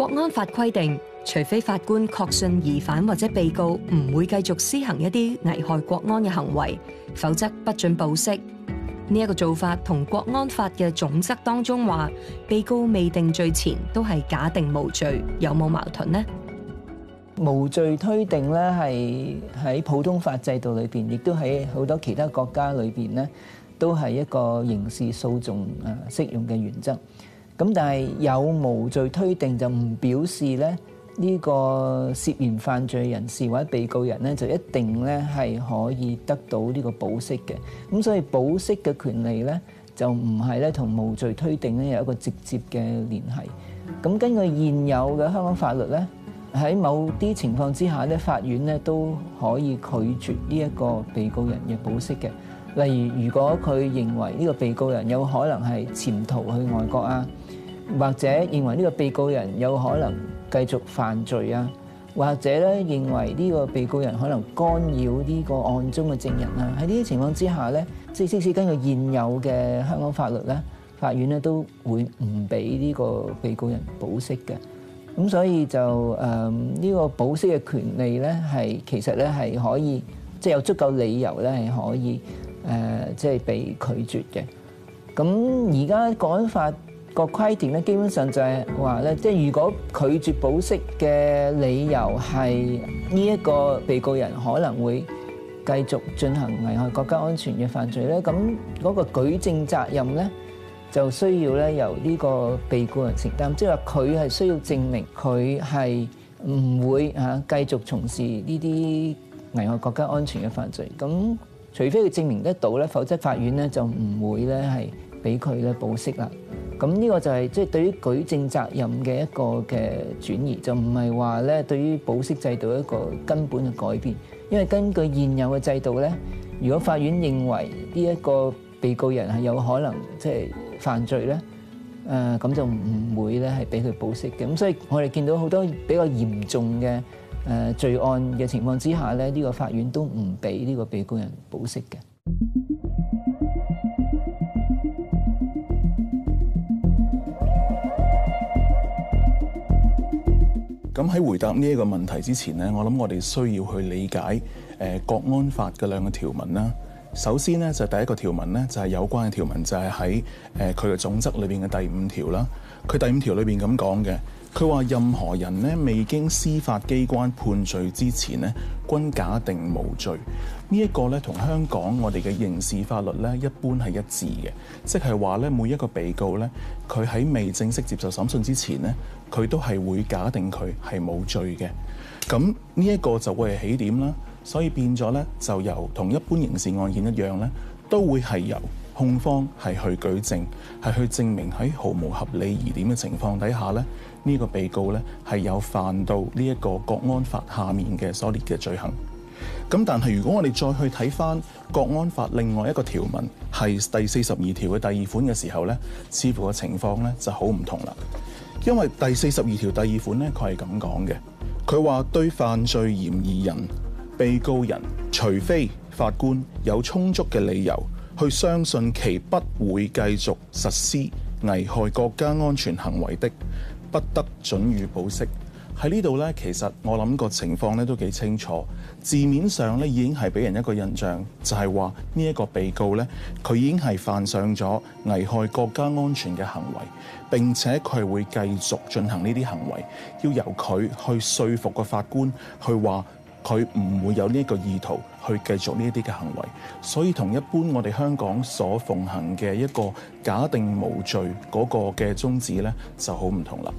國安法規定，除非法官確信疑犯或者被告唔會繼續施行一啲危害國安嘅行為，否則不准保釋。呢、這、一個做法同國安法嘅總則當中話，被告未定罪前都係假定無罪，有冇矛盾呢？無罪推定咧，係喺普通法制度裏邊，亦都喺好多其他國家裏邊，都係一個刑事訴訟誒適用嘅原則。咁但係有無罪推定就唔表示咧呢個涉嫌犯罪人士或者被告人咧就一定咧係可以得到呢個保釋嘅。咁所以保釋嘅權利咧就唔係咧同無罪推定咧有一個直接嘅聯繫。咁根據現有嘅香港法律咧，喺某啲情況之下咧，法院咧都可以拒絕呢一個被告人嘅保釋嘅。例如，如果佢認為呢個被告人有可能係潛逃去外國啊。或者認為呢個被告人有可能繼續犯罪啊，或者咧認為呢個被告人可能干擾呢個案中嘅證人啊，喺呢啲情況之下呢，即即使根據現有嘅香港法律呢，法院呢都會唔俾呢個被告人保釋嘅。咁所以就誒呢、呃這個保釋嘅權利呢，係其實呢係可以即、就是、有足夠理由呢係可以誒即係被拒絕嘅。咁而家講法，個規定咧，基本上就係話咧，即係如果拒絕保釋嘅理由係呢一個被告人可能會繼續進行危害國家安全嘅犯罪咧，咁嗰個舉證責任咧就需要咧由呢個被告人承擔，即係話佢係需要證明佢係唔會嚇繼續從事呢啲危害國家安全嘅犯罪。咁除非佢證明得到咧，否則法院咧就唔會咧係俾佢咧保釋啦。咁呢個就係即係對於舉證責任嘅一個嘅轉移，就唔係話咧對於保釋制度一個根本嘅改變。因為根據現有嘅制度咧，如果法院認為呢一個被告人係有可能即係犯罪咧，誒咁就唔會咧係俾佢保釋嘅。咁所以我哋見到好多比較嚴重嘅誒罪案嘅情況之下咧，呢個法院都唔俾呢個被告人保釋嘅。咁喺回答呢一個問題之前呢，我諗我哋需要去理解誒、呃《國安法》嘅兩個條文啦。首先呢，就第一個條文呢，就係、係、有關嘅條文就係喺，就係喺誒佢嘅總則裏邊嘅第五條啦。佢第五條裏邊咁講嘅。佢話：任何人咧未經司法機關判罪之前咧，均假定無罪。這個、呢一個咧同香港我哋嘅刑事法律咧一般係一致嘅，即係話咧每一個被告咧，佢喺未正式接受審訊之前咧，佢都係會假定佢係冇罪嘅。咁呢一個就會係起點啦，所以變咗呢，就由同一般刑事案件一樣咧，都會係由。控方係去舉證，係去證明喺毫無合理疑點嘅情況底下呢，呢、呢個被告呢係有犯到呢一個國安法下面嘅所列嘅罪行。咁但係如果我哋再去睇翻國安法另外一個條文，係第四十二條嘅第二款嘅時候呢，似乎個情況呢就好唔同啦。因為第四十二條第二款呢，佢係咁講嘅，佢話對犯罪嫌疑人、被告人，除非法官有充足嘅理由。去相信其不會繼續實施危害國家安全行為的，不得准予保釋。喺呢度呢，其實我諗個情況呢都幾清楚，字面上呢已經係俾人一個印象，就係話呢一個被告呢，佢已經係犯上咗危害國家安全嘅行為，並且佢會繼續進行呢啲行為，要由佢去說服個法官去話。佢唔會有呢個意圖去繼續呢啲嘅行為，所以同一般我哋香港所奉行嘅一個假定無罪嗰個嘅宗旨呢，就好唔同啦。